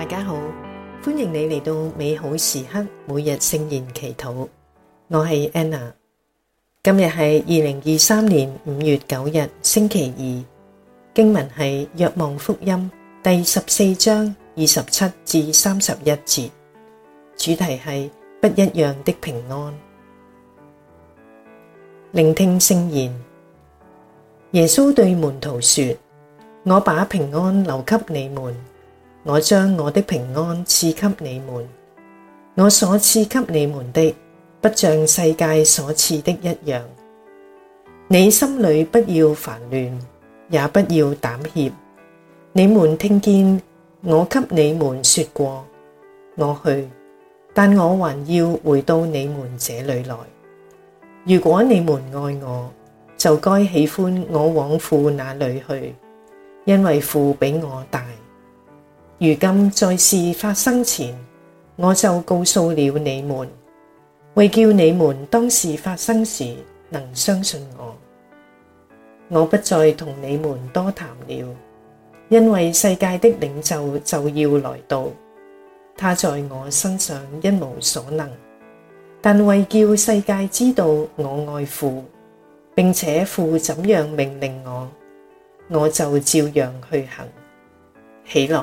大家好，歡迎你嚟到美好時刻每日聖言祈禱，我係 Anna。今日係二零二三年五月九日星期二，經文係《若望福音》第十四章二十七至三十一節，主題係不一樣的平安。聆聽聖言，耶穌對門徒說：我把平安留給你們。我將我的平安賜給你們，我所賜給你們的，不像世界所賜的一樣。你心裡不要煩亂，也不要膽怯。你們聽見我給你們說過，我去，但我還要回到你們這裡來。如果你們愛我，就該喜歡我往父那裡去，因為父比我大。如今在事發生前，我就告訴了你們，為叫你們當事發生時能相信我。我不再同你們多談了，因為世界的領袖就要來到，他在我身上一無所能，但為叫世界知道我愛父，並且父怎樣命令我，我就照樣去行。起來。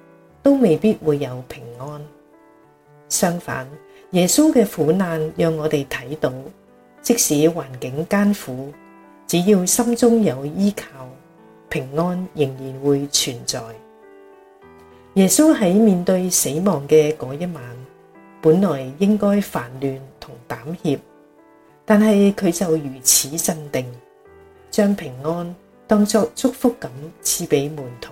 都未必會有平安。相反，耶穌嘅苦難讓我哋睇到，即使環境艱苦，只要心中有依靠，平安仍然會存在。耶穌喺面對死亡嘅嗰一晚，本來應該煩亂同膽怯，但係佢就如此鎮定，將平安當作祝福咁賜俾門徒。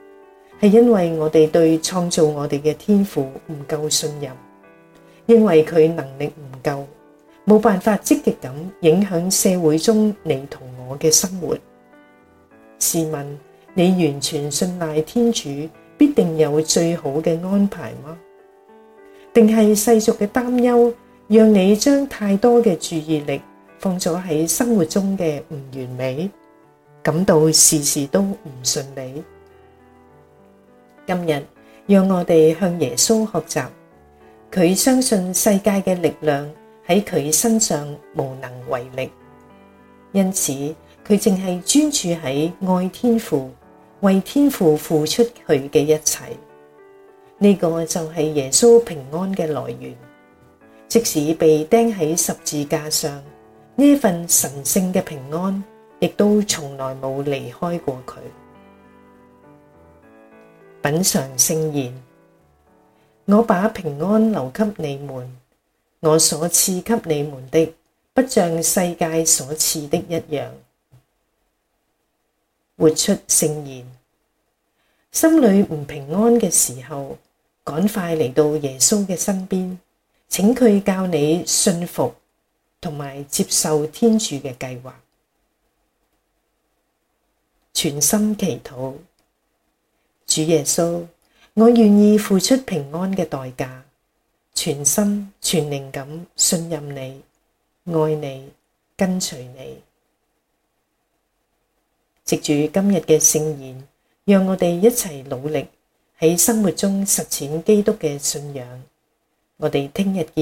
係因為我哋對創造我哋嘅天父唔夠信任，認為佢能力唔夠，冇辦法積極咁影響社會中你同我嘅生活。試問你完全信賴天主，必定有最好嘅安排嗎？定係世俗嘅擔憂，讓你將太多嘅注意力放咗喺生活中嘅唔完美，感到事事都唔順利。今日讓我哋向耶穌學習，佢相信世界嘅力量喺佢身上無能為力，因此佢淨係專注喺愛天父，為天父付出佢嘅一切。呢個就係耶穌平安嘅來源，即使被釘喺十字架上，呢份神聖嘅平安亦都從來冇離開過佢。品嘗聖言，我把平安留給你們。我所賜給你們的，不像世界所賜的一樣。活出聖言，心裏唔平安嘅時候，趕快嚟到耶穌嘅身邊，請佢教你順服同埋接受天主嘅計劃，全心祈禱。主耶穌，我願意付出平安嘅代價，全心全靈咁信任你、愛你、跟隨你。藉住今日嘅聖言，讓我哋一齊努力喺生活中實踐基督嘅信仰。我哋聽日見。